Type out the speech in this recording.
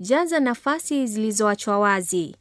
Jaza nafasi zilizoachwa wazi.